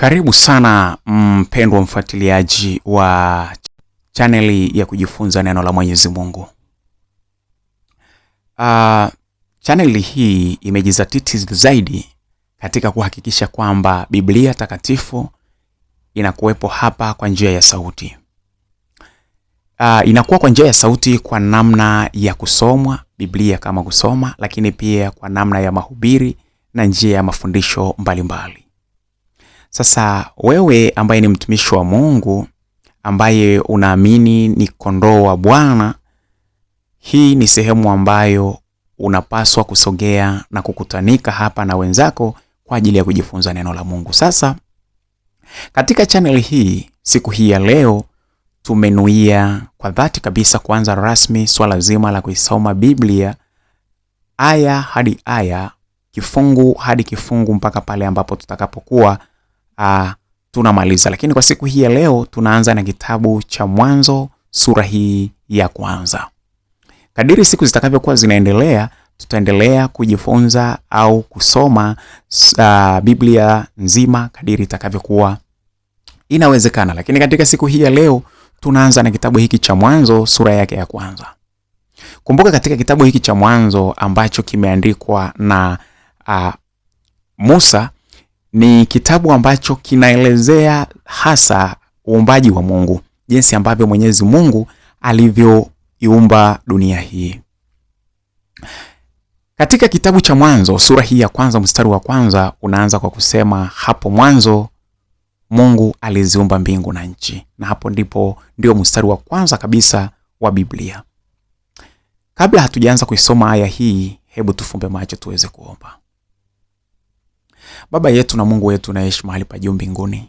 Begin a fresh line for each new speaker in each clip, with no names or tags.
Karibu sana mm, mpendwa mfuatiliaji wa chaneli ya kujifunza neno la Mwenyezi Mungu. Uh, chaneli hii imejizatiti zaidi katika kuhakikisha kwamba Biblia takatifu inakuwepo hapa kwa njia ya sauti. Uh, inakuwa kwa njia ya sauti kwa namna ya kusomwa Biblia kama kusoma, lakini pia kwa namna ya mahubiri na njia ya mafundisho mbalimbali mbali. Sasa wewe ambaye ni mtumishi wa Mungu ambaye unaamini ni kondoo wa Bwana, hii ni sehemu ambayo unapaswa kusogea na kukutanika hapa na wenzako kwa ajili ya kujifunza neno la Mungu. Sasa katika channel hii siku hii ya leo tumenuia kwa dhati kabisa kuanza rasmi swala zima la kuisoma Biblia aya hadi aya, kifungu hadi kifungu, mpaka pale ambapo tutakapokuwa uh, tunamaliza. Lakini kwa siku hii ya leo tunaanza na kitabu cha Mwanzo sura hii ya kwanza. Kadiri siku zitakavyokuwa zinaendelea, tutaendelea kujifunza au kusoma uh, Biblia nzima kadiri itakavyokuwa inawezekana. Lakini katika siku hii ya leo tunaanza na kitabu hiki cha Mwanzo sura yake ya kwanza. Kumbuka katika kitabu hiki cha Mwanzo ambacho kimeandikwa na uh, Musa ni kitabu ambacho kinaelezea hasa uumbaji wa Mungu, jinsi ambavyo Mwenyezi Mungu alivyoiumba dunia hii. Katika kitabu cha Mwanzo sura hii ya kwanza mstari wa kwanza unaanza kwa kusema, hapo mwanzo Mungu aliziumba mbingu na nchi, na hapo ndipo ndio mstari wa kwanza kabisa wa Biblia. Kabla hatujaanza kuisoma aya hii, hebu tufumbe macho tuweze kuomba.
Baba yetu na Mungu wetu unaishi mahali pa juu mbinguni,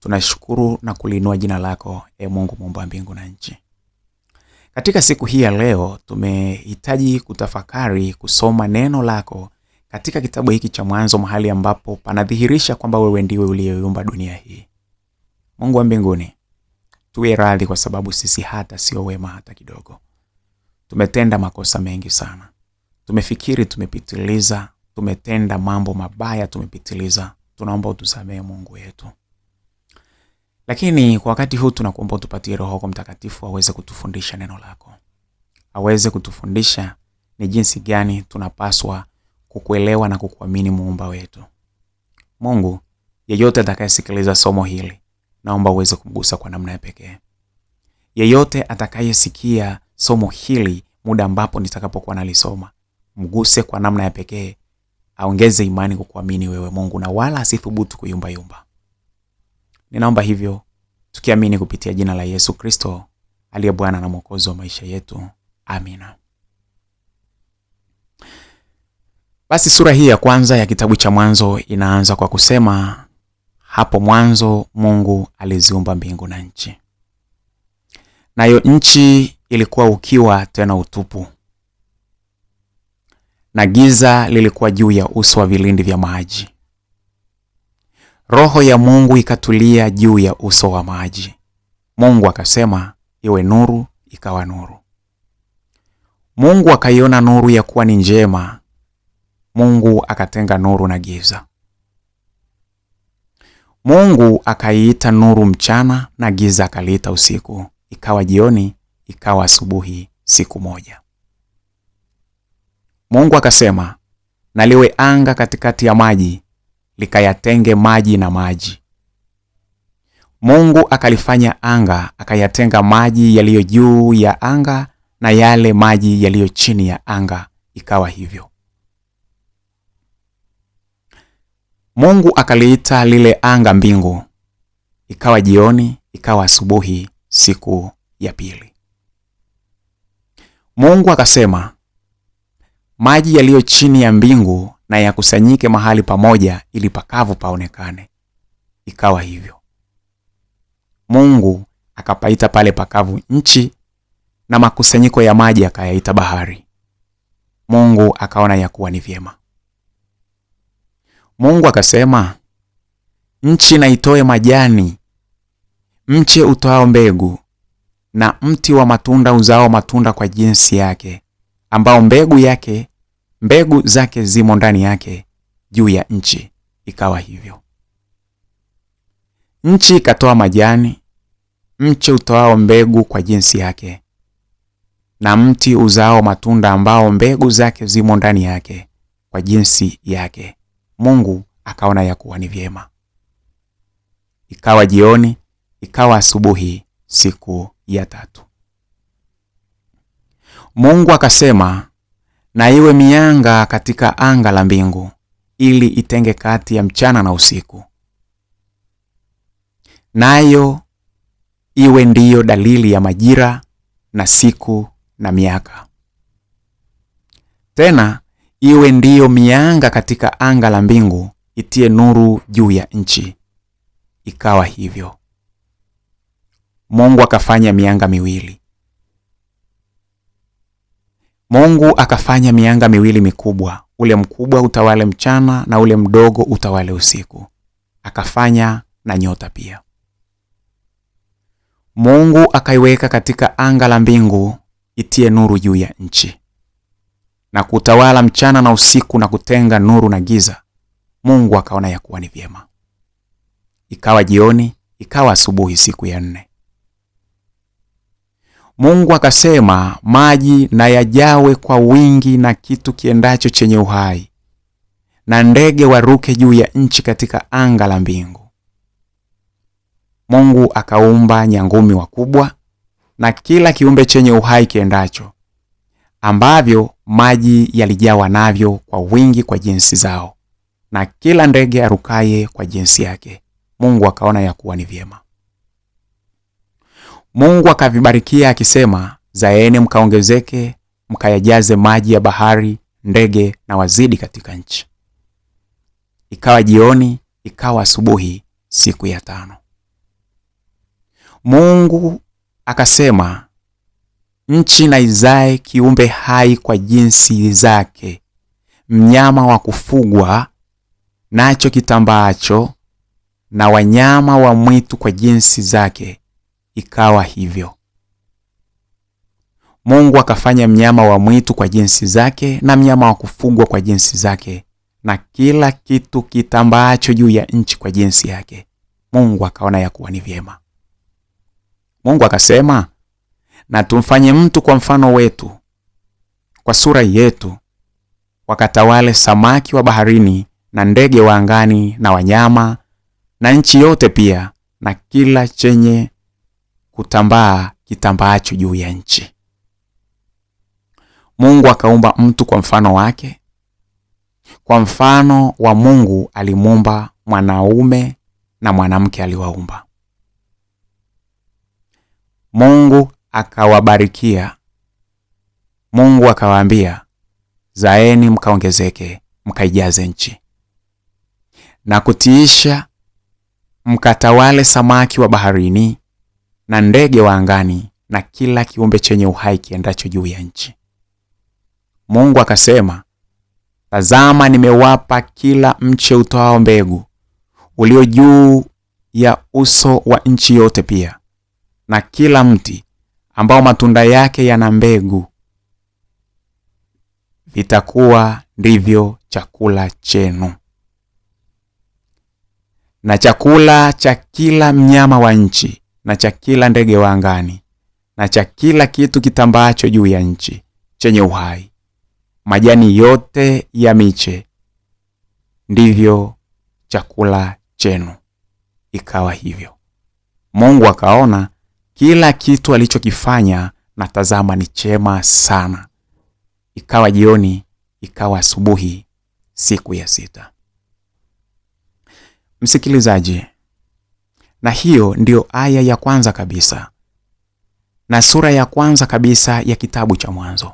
tunashukuru na kuliinua jina lako e Mungu muumba mbingu na nchi. Katika siku hii ya leo tumehitaji kutafakari kusoma neno lako katika kitabu hiki cha Mwanzo, mahali ambapo panadhihirisha kwamba wewe ndiwe uliyoyumba dunia hii. Mungu wa mbinguni, tuwe radhi kwa sababu sisi hata sio wema hata kidogo. Tumetenda makosa mengi sana, tumefikiri tumepitiliza tumetenda mambo mabaya, tumepitiliza, tunaomba utusamehe Mungu wetu. Lakini kwa wakati huu tunakuomba utupatie Roho yako Mtakatifu aweze kutufundisha neno lako, aweze kutufundisha ni jinsi gani tunapaswa kukuelewa na kukuamini muumba wetu. Mungu, yeyote atakayesikiliza somo hili, naomba uweze kumgusa kwa namna ya pekee. Yeyote atakayesikia somo hili muda ambapo nitakapokuwa nalisoma, mguse kwa namna ya pekee aongeze imani kwa kuamini wewe Mungu na wala asithubutu kuyumbayumba. Ninaomba hivyo tukiamini kupitia jina la Yesu Kristo aliye Bwana na Mwokozi wa maisha yetu. Amina.
Basi sura hii ya kwanza ya kitabu cha Mwanzo inaanza kwa kusema, hapo mwanzo Mungu aliziumba mbingu na nchi, nayo nchi ilikuwa ukiwa tena utupu, na giza lilikuwa juu ya uso wa vilindi vya maji. Roho ya Mungu ikatulia juu ya uso wa maji. Mungu akasema, iwe nuru, ikawa nuru. Mungu akaiona nuru ya kuwa ni njema. Mungu akatenga nuru na giza. Mungu akaiita nuru mchana na giza akaliita usiku. Ikawa jioni, ikawa asubuhi siku moja. Mungu akasema, na liwe anga katikati ya maji, likayatenge maji na maji. Mungu akalifanya anga, akayatenga maji yaliyo juu ya anga na yale maji yaliyo chini ya anga. Ikawa hivyo. Mungu akaliita lile anga mbingu. Ikawa jioni, ikawa asubuhi, siku ya pili. Mungu akasema maji yaliyo chini ya mbingu na yakusanyike mahali pamoja ili pakavu paonekane. Ikawa hivyo. Mungu akapaita pale pakavu nchi, na makusanyiko ya maji akayaita bahari. Mungu akaona ya kuwa ni vyema. Mungu akasema, nchi na itoe majani, mche utoao mbegu, na mti wa matunda uzao matunda kwa jinsi yake, ambao mbegu yake mbegu zake zimo ndani yake juu ya nchi. Ikawa hivyo, nchi ikatoa majani, mche utoao mbegu kwa jinsi yake, na mti uzao matunda ambao mbegu zake zimo ndani yake kwa jinsi yake. Mungu akaona ya kuwa ni vyema. Ikawa jioni, ikawa asubuhi, siku ya tatu. Mungu akasema na iwe mianga katika anga la mbingu, ili itenge kati ya mchana na usiku. Nayo iwe ndiyo dalili ya majira na siku na miaka. Tena iwe ndiyo mianga katika anga la mbingu, itie nuru juu ya nchi. Ikawa hivyo. Mungu akafanya mianga miwili Mungu akafanya mianga miwili mikubwa, ule mkubwa utawale mchana na ule mdogo utawale usiku. Akafanya na nyota pia. Mungu akaiweka katika anga la mbingu itie nuru juu ya nchi na kutawala mchana na usiku na kutenga nuru na giza. Mungu akaona ya kuwa ni vyema. Ikawa jioni, ikawa asubuhi siku ya nne. Mungu akasema, maji na yajawe kwa wingi na kitu kiendacho chenye uhai, na ndege waruke juu ya nchi katika anga la mbingu. Mungu akaumba nyangumi wakubwa na kila kiumbe chenye uhai kiendacho, ambavyo maji yalijawa navyo kwa wingi kwa jinsi zao, na kila ndege arukaye kwa jinsi yake. Mungu akaona ya kuwa ni vyema. Mungu akavibarikia akisema, zaeni mkaongezeke, mkayajaze maji ya bahari, ndege na wazidi katika nchi. Ikawa jioni, ikawa asubuhi, siku ya tano. Mungu akasema, nchi na izae kiumbe hai kwa jinsi zake, mnyama wa kufugwa nacho kitambaacho, na wanyama wa mwitu kwa jinsi zake ikawa hivyo. Mungu akafanya mnyama wa mwitu kwa jinsi zake na mnyama wa kufugwa kwa jinsi zake na kila kitu kitambaacho juu ya nchi kwa jinsi yake. Mungu akaona ya kuwa ni vyema. Mungu akasema, na tumfanye mtu kwa mfano wetu, kwa sura yetu, wakatawale samaki wa baharini na ndege wa angani na wanyama na nchi yote pia na kila chenye kutambaa kitambaacho juu ya nchi. Mungu akaumba mtu kwa mfano wake, kwa mfano wa Mungu alimuumba mwanaume na mwanamke aliwaumba. Mungu akawabarikia. Mungu akawaambia, zaeni mkaongezeke, mkaijaze nchi na kutiisha, mkatawale samaki wa baharini na ndege wa angani na kila kiumbe chenye uhai kiendacho juu ya nchi. Mungu akasema, tazama, nimewapa kila mche utoao mbegu ulio juu ya uso wa nchi yote, pia na kila mti ambao matunda yake yana mbegu, vitakuwa ndivyo chakula chenu. Na chakula cha kila mnyama wa nchi na cha kila ndege wa angani na cha kila kitu kitambaacho juu ya nchi chenye uhai, majani yote ya miche, ndivyo chakula chenu. Ikawa hivyo. Mungu akaona kila kitu alichokifanya, na tazama, ni chema sana. Ikawa jioni, ikawa asubuhi, siku ya sita. Msikilizaji, na hiyo ndiyo aya ya kwanza kabisa na sura ya kwanza kabisa ya kitabu cha Mwanzo.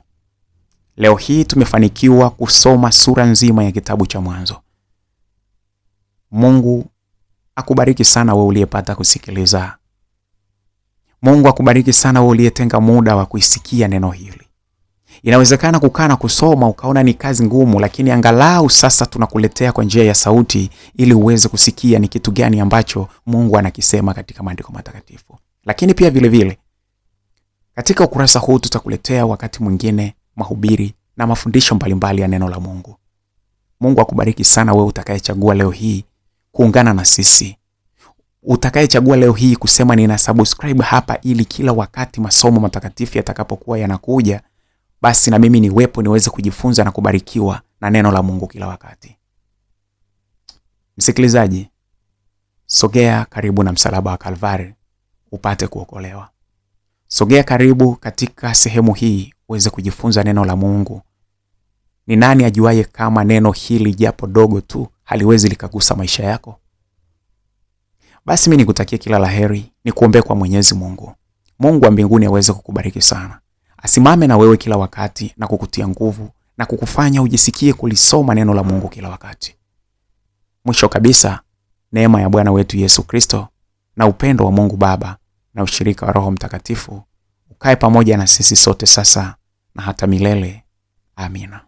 Leo hii tumefanikiwa kusoma sura nzima ya kitabu cha Mwanzo. Mungu akubariki sana we uliyepata kusikiliza. Mungu akubariki sana we uliyetenga muda wa kuisikia neno hili. Inawezekana kukaa na kusoma ukaona ni kazi ngumu, lakini angalau sasa tunakuletea kwa njia ya sauti ili uweze kusikia ni kitu gani ambacho Mungu anakisema katika maandiko matakatifu. Lakini pia vile vile, katika ukurasa huu tutakuletea wakati mwingine mahubiri na mafundisho mbalimbali ya neno la Mungu. Mungu akubariki sana wewe utakayechagua leo hii kuungana na sisi, utakayechagua leo hii kusema nina subscribe hapa, ili kila wakati masomo matakatifu yatakapokuwa yanakuja basi na mimi niwepo niweze kujifunza na kubarikiwa na neno la Mungu kila wakati. Msikilizaji, sogea karibu na msalaba wa Kalvari upate kuokolewa. Sogea karibu katika sehemu hii uweze kujifunza neno la Mungu. Ni nani ajuaye kama neno hili japo dogo tu haliwezi likagusa maisha yako? Basi mi nikutakie kila laheri ni kuombee kwa Mwenyezi Mungu. Mungu wa mbinguni aweze kukubariki sana asimame na wewe kila wakati na kukutia nguvu na kukufanya ujisikie kulisoma neno la Mungu kila wakati. Mwisho kabisa, neema ya Bwana wetu Yesu Kristo na upendo wa Mungu Baba na ushirika wa Roho Mtakatifu ukae pamoja na sisi sote sasa na hata milele. Amina.